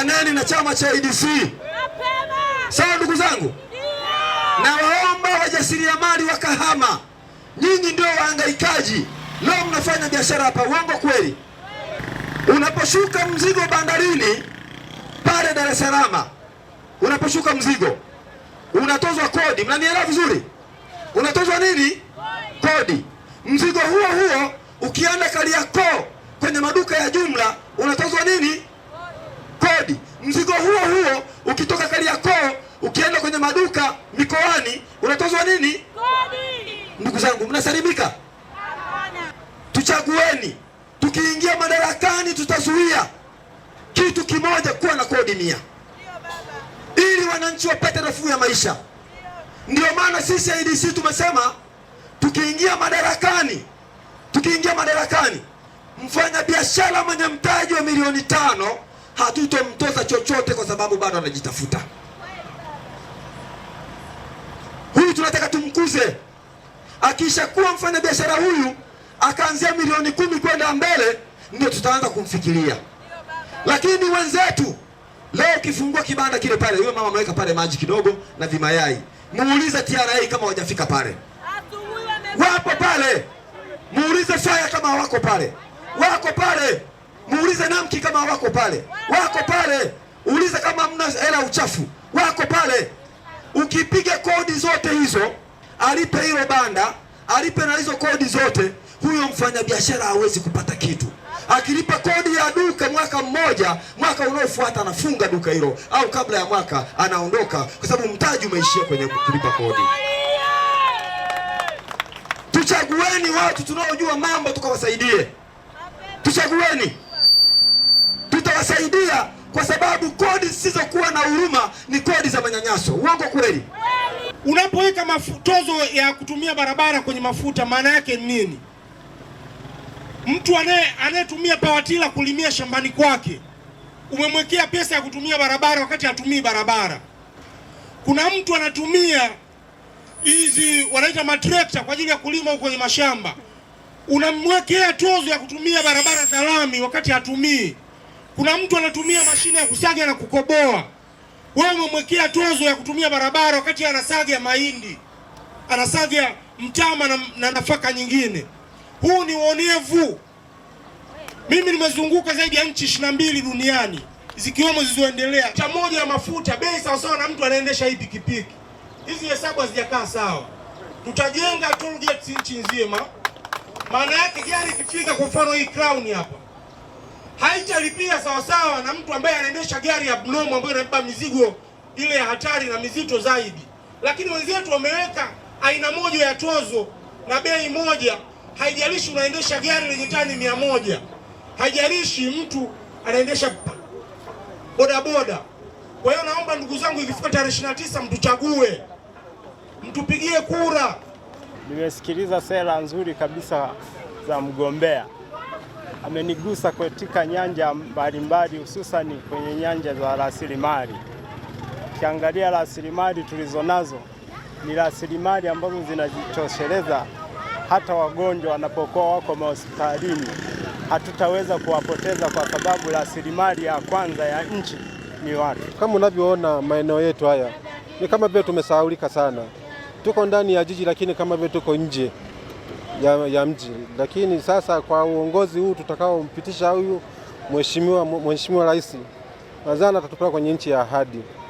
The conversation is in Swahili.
Tukaneni na chama cha ADC. Sawa ndugu zangu, na waomba wajasiriamali wa Kahama, nyinyi ndio wahangaikaji leo, mnafanya biashara hapa, uongo kweli? Unaposhuka mzigo bandarini pale Dar es Salaam, unaposhuka mzigo unatozwa kodi, mnanielewa vizuri? Unatozwa nini? Kodi. Mzigo huo huo ukienda Kariakoo kwenye maduka ya jumla unatozwa nini? kodi. Mzigo huo huo ukitoka Kariakoo ukienda kwenye maduka mikoani unatozwa nini? Kodi. Ndugu zangu, mnasalimika? Hapana. Tuchagueni, tukiingia madarakani tutazuia kitu kimoja, kuwa na kodi mia, ili wananchi wapate nafuu ya maisha. Ndio maana sisi ADC tumesema tukiingia madarakani, tukiingia madarakani, mfanya biashara mwenye mtaji wa milioni tano hatutomtoza chochote, kwa sababu bado anajitafuta. Huyu tunataka tumkuze, akishakuwa biashara huyu akaanzia milioni kumi kwenda mbele, ndio tutaanza kumfikiria. Lakini wenzetu leo, ukifungua kibanda kile pale, yule mama ameweka pale maji kidogo na vimayai, muulize TRA kama wajafika pale, wapo pale. Muulize faya kama wako pale, wako pale muulize namki kama wako pale, wako pale. Uulize kama mna hela uchafu, wako pale. Ukipiga kodi zote hizo, alipe hilo banda, alipe na hizo kodi zote, huyo mfanyabiashara hawezi kupata kitu. Akilipa kodi ya duka mwaka mmoja, mwaka unaofuata anafunga duka hilo, au kabla ya mwaka anaondoka, kwa sababu mtaji umeishia kwenye kulipa kodi. Tuchagueni watu tunaojua mambo tukawasaidie, tuchagueni tunawasaidia kwa sababu kodi zisizokuwa na huruma ni kodi za manyanyaso. Uongo kweli? Unapoweka mafutozo ya kutumia barabara kwenye mafuta, maana yake nini? Mtu anayetumia pawatila kulimia shambani kwake umemwekea pesa ya kutumia barabara wakati hatumii barabara. Kuna mtu anatumia hizi wanaita matrekta kwa ajili ya kulima huko kwenye mashamba, unamwekea tozo ya kutumia barabara za lami wakati hatumii. Kuna mtu anatumia mashine ya kusaga na kukoboa, wewe umemwekea tozo ya kutumia barabara wakati anasaga mahindi, anasaga mtama na, na nafaka nyingine. Huu ni uonevu. Mimi nimezunguka zaidi ya nchi ishirini na mbili duniani zikiwemo zilizoendelea. Cha moja ya mafuta bei sawasawa na mtu anaendesha hii pikipiki. Hizi hesabu hazijakaa sawa. Tutajenga toll gates nchi nzima, maana yake gari ikifika, kwa mfano hii crown hapa haitalipia sawasawa na mtu ambaye anaendesha gari ya abnormal ambayo inabeba mizigo ile ya hatari na mizito zaidi. Lakini wenzetu wameweka aina moja ya tozo na bei moja, haijalishi unaendesha gari lenye tani mia moja, haijalishi mtu anaendesha bodaboda. Kwa hiyo naomba ndugu zangu, ikifika tarehe ishirini na tisa mtuchague, mtupigie kura. Nimesikiliza sera nzuri kabisa za mgombea amenigusa katika nyanja mbalimbali, hususani kwenye nyanja za rasilimali. Ukiangalia rasilimali tulizonazo ni rasilimali ambazo zinajitosheleza. Hata wagonjwa wanapokuwa wako mahospitalini hatutaweza kuwapoteza, kwa sababu rasilimali ya kwanza ya nchi ni watu. Kama unavyoona maeneo yetu haya ni kama vile tumesahaulika sana, tuko ndani ya jiji lakini kama vile tuko nje ya, ya mji, lakini sasa kwa uongozi huu tutakaompitisha huyu mheshimiwa mheshimiwa rais nadhani atatupeleka kwenye nchi ya ahadi.